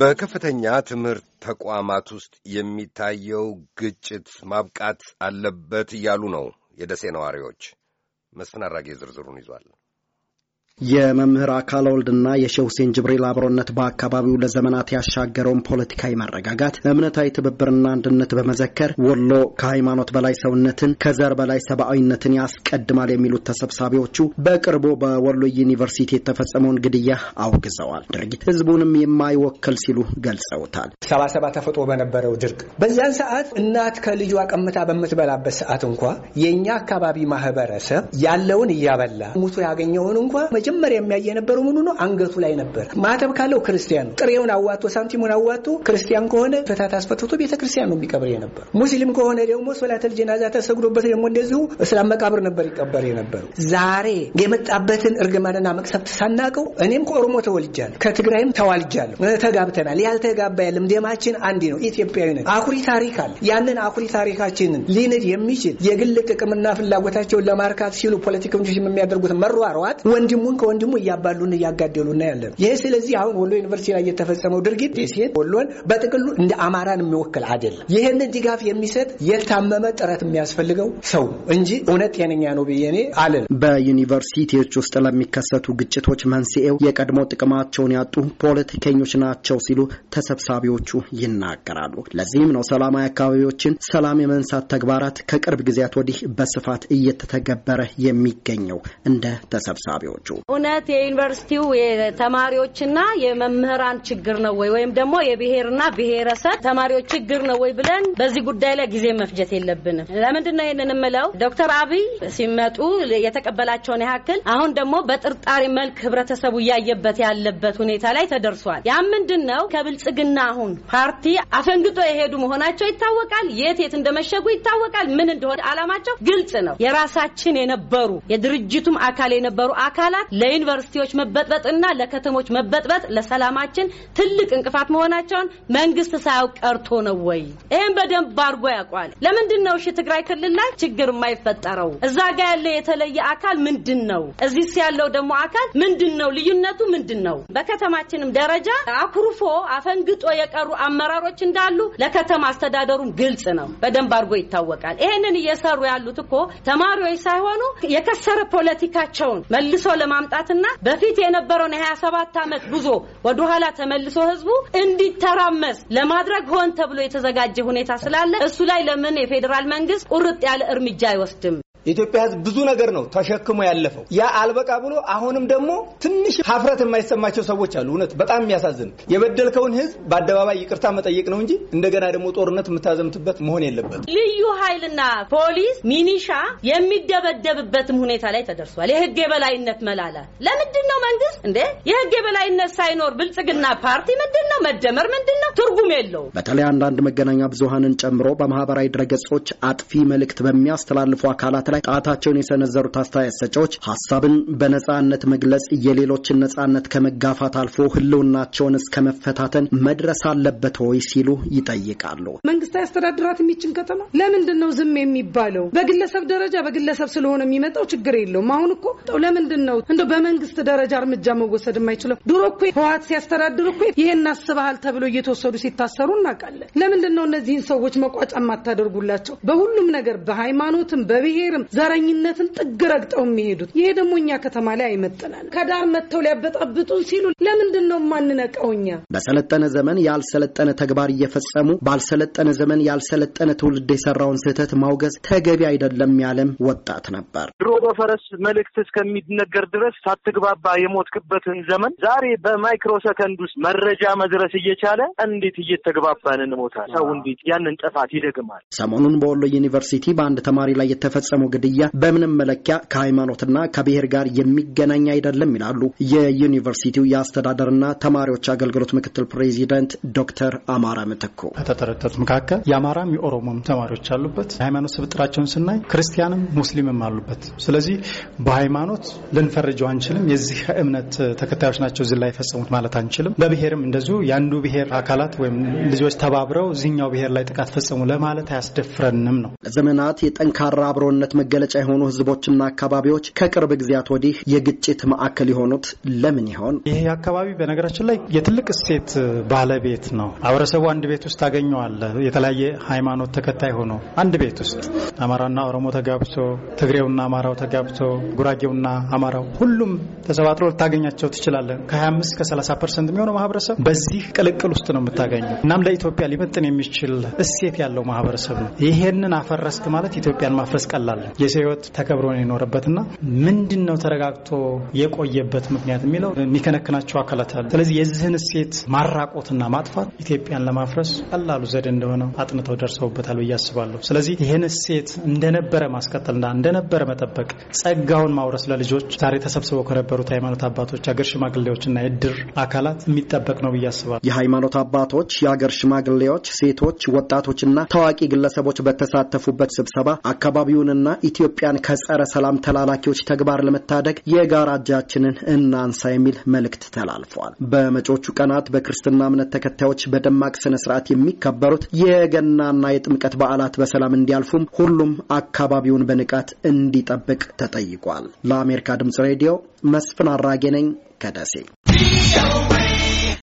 በከፍተኛ ትምህርት ተቋማት ውስጥ የሚታየው ግጭት ማብቃት አለበት እያሉ ነው የደሴ ነዋሪዎች። መስፍን አራጌ ዝርዝሩን ይዟል። የመምህር አካለ ወልድና የሼህ ሁሴን ጅብሪል አብሮነት በአካባቢው ለዘመናት ያሻገረውን ፖለቲካዊ መረጋጋት፣ እምነታዊ ትብብርና አንድነት በመዘከር ወሎ ከሃይማኖት በላይ ሰውነትን ከዘር በላይ ሰብአዊነትን ያስቀድማል የሚሉት ተሰብሳቢዎቹ በቅርቡ በወሎ ዩኒቨርሲቲ የተፈጸመውን ግድያ አውግዘዋል። ድርጊት ህዝቡንም የማይወክል ሲሉ ገልጸውታል። ሰባሰባ ተፈጥሮ በነበረው ድርቅ በዚያን ሰዓት እናት ከልጇ ቀምታ በምትበላበት ሰዓት እንኳ የእኛ አካባቢ ማህበረሰብ ያለውን እያበላ ሙቶ ያገኘውን እንኳ መጀመሪያ የሚያየ የነበረው ምኑ ነው? አንገቱ ላይ ነበር። ማተብ ካለው ክርስቲያን ጥሬውን አዋቶ ሳንቲሙን አዋቶ ክርስቲያን ከሆነ ፍታት አስፈትቶ ቤተክርስቲያን ነው የሚቀብር የነበሩ። ሙስሊም ከሆነ ደግሞ ሶላተል ጀናዛ ተሰግዶበት ደግሞ እንደዚሁ እስላም መቃብር ነበር ይቀበር የነበሩ። ዛሬ የመጣበትን እርግማንና መቅሰፍት ሳናቀው እኔም ከኦሮሞ ተወልጃለሁ፣ ከትግራይም ተዋልጃለሁ፣ ተጋብተናል። ያልተጋባ የለም። ደማችን አንድ ነው። ኢትዮጵያዊነት አኩሪ ታሪክ አለ። ያንን አኩሪ ታሪካችንን ሊንድ የሚችል የግል ጥቅምና ፍላጎታቸውን ለማርካት ሲሉ ፖለቲከኞች የሚያደርጉት መሯሯጥ ወንድሙን ከወንድሙ እያባሉን እያጋደሉና ያለን ይህ ስለዚህ አሁን ወሎ ዩኒቨርሲቲ ላይ የተፈጸመው ድርጊት ደሴን ወሎን በጥቅሉ እንደ አማራን የሚወክል አይደለም። ይህንን ድጋፍ የሚሰጥ የታመመ ጥረት የሚያስፈልገው ሰው እንጂ እውነት ጤነኛ ነው ብዬ እኔ አለን። በዩኒቨርሲቲዎች ውስጥ ለሚከሰቱ ግጭቶች መንስኤው የቀድሞ ጥቅማቸውን ያጡ ፖለቲከኞች ናቸው ሲሉ ተሰብሳቢዎቹ ይናገራሉ። ለዚህም ነው ሰላማዊ አካባቢዎችን ሰላም የመንሳት ተግባራት ከቅርብ ጊዜያት ወዲህ በስፋት እየተተገበረ የሚገኘው እንደ ተሰብሳቢዎቹ እውነት የዩኒቨርሲቲው የተማሪዎችና የመምህራን ችግር ነው ወይ ወይም ደግሞ የብሔርና ብሔረሰብ ተማሪዎች ችግር ነው ወይ ብለን በዚህ ጉዳይ ላይ ጊዜ መፍጀት የለብንም። ለምንድን ነው ይህንን የምለው? ዶክተር አብይ ሲመጡ የተቀበላቸውን ያክል አሁን ደግሞ በጥርጣሬ መልክ ህብረተሰቡ እያየበት ያለበት ሁኔታ ላይ ተደርሷል። ያ ምንድን ነው? ከብልጽግና አሁን ፓርቲ አፈንግጦ የሄዱ መሆናቸው ይታወቃል። የት የት እንደመሸጉ ይታወቃል። ምን እንደሆነ አላማቸው ግልጽ ነው። የራሳችን የነበሩ የድርጅቱም አካል የነበሩ አካላት ለዩኒቨርሲቲዎች መበጥበጥና ለከተሞች መበጥበጥ ለሰላማችን ትልቅ እንቅፋት መሆናቸውን መንግስት ሳያውቅ ቀርቶ ነው ወይ? ይህም በደንብ አድርጎ ያውቋል። ለምንድን ነው እሺ ትግራይ ክልል ላይ ችግር የማይፈጠረው? እዛ ጋ ያለ የተለየ አካል ምንድን ነው? እዚህስ ያለው ደግሞ አካል ምንድን ነው? ልዩነቱ ምንድን ነው? በከተማችንም ደረጃ አኩርፎ አፈንግጦ የቀሩ አመራሮች እንዳሉ ለከተማ አስተዳደሩም ግልጽ ነው፣ በደንብ አድርጎ ይታወቃል። ይህንን እየሰሩ ያሉት እኮ ተማሪዎች ሳይሆኑ የከሰረ ፖለቲካቸውን መልሶ ለማ ማምጣትና በፊት የነበረውን የሀያ ሰባት ዓመት ጉዞ ወደኋላ ተመልሶ ህዝቡ እንዲተራመስ ለማድረግ ሆን ተብሎ የተዘጋጀ ሁኔታ ስላለ እሱ ላይ ለምን የፌዴራል መንግስት ቁርጥ ያለ እርምጃ አይወስድም? የኢትዮጵያ ህዝብ ብዙ ነገር ነው ተሸክሞ ያለፈው። ያ አልበቃ ብሎ አሁንም ደግሞ ትንሽ ሀፍረት የማይሰማቸው ሰዎች አሉ። እውነት በጣም የሚያሳዝን የበደልከውን ህዝብ በአደባባይ ይቅርታ መጠየቅ ነው እንጂ እንደገና ደግሞ ጦርነት የምታዘምትበት መሆን የለበትም። ልዩ ኃይልና ፖሊስ፣ ሚኒሻ የሚደበደብበትም ሁኔታ ላይ ተደርሷል። የህግ የበላይነት መላላ ለምንድን ነው መንግስት እንዴ? የህግ የበላይነት ሳይኖር ብልጽግና ፓርቲ ምንድን ነው? መደመር ምንድን ነው? ትርጉም የለውም። በተለይ አንዳንድ መገናኛ ብዙሀንን ጨምሮ በማህበራዊ ድረገጾች አጥፊ መልእክት በሚያስተላልፉ አካላት ላይ ጣታቸውን የሰነዘሩት አስተያየት ሰጪዎች ሀሳብን በነጻነት መግለጽ የሌሎችን ነጻነት ከመጋፋት አልፎ ህልውናቸውን እስከ መፈታተን መድረስ አለበት ወይ ሲሉ ይጠይቃሉ። መንግስት ያስተዳድራት የሚችን ከተማ ለምንድን ነው ዝም የሚባለው? በግለሰብ ደረጃ በግለሰብ ስለሆነ የሚመጣው ችግር የለውም። አሁን እኮ ለምንድን ነው እንደ በመንግስት ደረጃ እርምጃ መወሰድ የማይችለው? ድሮ እኮ ህወሓት ሲያስተዳድር እኮ ይሄን አስበሃል ተብሎ እየተወሰዱ ሲታሰሩ እናውቃለን። ለምንድን ነው እነዚህን ሰዎች መቋጫ ማታደርጉላቸው? በሁሉም ነገር በሃይማኖትም በብሔር አይቀርም ዘረኝነትን ጥግ ረግጠው የሚሄዱት። ይሄ ደግሞ እኛ ከተማ ላይ አይመጥናል። ከዳር መጥተው ሊያበጣብጡን ሲሉ ለምንድን ነው የማንነቀው? እኛ በሰለጠነ ዘመን ያልሰለጠነ ተግባር እየፈጸሙ ባልሰለጠነ ዘመን ያልሰለጠነ ትውልድ የሰራውን ስህተት ማውገዝ ተገቢ አይደለም ያለም ወጣት ነበር። ድሮ በፈረስ መልእክት እስከሚነገር ድረስ ሳትግባባ የሞትክበትን ዘመን ዛሬ በማይክሮሰከንድ ውስጥ መረጃ መድረስ እየቻለ እንዴት እየተግባባን እንሞታል? ሰው እንዴት ያንን ጥፋት ይደግማል? ሰሞኑን በወሎ ዩኒቨርሲቲ በአንድ ተማሪ ላይ የተፈጸሙ ግድያ በምንም መለኪያ ከሃይማኖትና ከብሔር ጋር የሚገናኝ አይደለም ይላሉ የዩኒቨርሲቲው የአስተዳደርና ተማሪዎች አገልግሎት ምክትል ፕሬዚደንት ዶክተር አማራ ምትኩ። ከተጠረጠሩት መካከል የአማራም የኦሮሞም ተማሪዎች አሉበት። የሃይማኖት ስብጥራቸውን ስናይ ክርስቲያንም ሙስሊምም አሉበት። ስለዚህ በሃይማኖት ልንፈርጀው አንችልም። የዚህ እምነት ተከታዮች ናቸው እዚህ ላይ የፈጸሙት ማለት አንችልም። በብሔርም እንደዚሁ የአንዱ ብሔር አካላት ወይም ልጆች ተባብረው እዚህኛው ብሔር ላይ ጥቃት ፈጸሙ ለማለት አያስደፍረንም ነው። ለዘመናት የጠንካራ አብሮነት መገለጫ የሆኑ ህዝቦችና አካባቢዎች ከቅርብ ጊዜያት ወዲህ የግጭት ማዕከል የሆኑት ለምን ይሆን? ይህ አካባቢ በነገራችን ላይ የትልቅ እሴት ባለቤት ነው። ማህበረሰቡ አንድ ቤት ውስጥ ታገኘዋለ። የተለያየ ሃይማኖት ተከታይ ሆኖ አንድ ቤት ውስጥ አማራና ኦሮሞ ተጋብቶ፣ ትግሬውና አማራው ተጋብቶ፣ ጉራጌውና አማራው ሁሉም ተሰባጥሮ ልታገኛቸው ትችላለን። ከ25 እስከ 30 ፐርሰንት የሚሆነው ማህበረሰብ በዚህ ቅልቅል ውስጥ ነው የምታገኘው። እናም ለኢትዮጵያ ሊመጥን የሚችል እሴት ያለው ማህበረሰብ ነው። ይሄንን አፈረስክ ማለት ኢትዮጵያን ማፍረስ ቀላል የሰው ህይወት ተከብሮ ነው የኖረበትና ምንድን ነው ተረጋግቶ የቆየበት ምክንያት የሚለው የሚከነክናቸው አካላት አሉ። ስለዚህ የዚህን እሴት ማራቆትና ማጥፋት ኢትዮጵያን ለማፍረስ ቀላሉ ዘዴ እንደሆነ አጥንተው ደርሰውበታል ብዬ አስባለሁ። ስለዚህ ይህን እሴት እንደነበረ ማስቀጠልና እንደነበረ መጠበቅ፣ ጸጋውን ማውረስ ለልጆች ዛሬ ተሰብስበው ከነበሩት ሃይማኖት አባቶች፣ አገር ሽማግሌዎችና የድር አካላት የሚጠበቅ ነው ብዬ አስባለሁ። የሃይማኖት አባቶች፣ የአገር ሽማግሌዎች፣ ሴቶች፣ ወጣቶችና ታዋቂ ግለሰቦች በተሳተፉበት ስብሰባ አካባቢውንና ኢትዮጵያን ከጸረ ሰላም ተላላኪዎች ተግባር ለመታደግ የጋራ እጃችንን እናንሳ የሚል መልእክት ተላልፏል። በመጪዎቹ ቀናት በክርስትና እምነት ተከታዮች በደማቅ ስነ ስርዓት የሚከበሩት የገናና የጥምቀት በዓላት በሰላም እንዲያልፉም ሁሉም አካባቢውን በንቃት እንዲጠብቅ ተጠይቋል። ለአሜሪካ ድምጽ ሬዲዮ መስፍን አራጌ ነኝ ከደሴ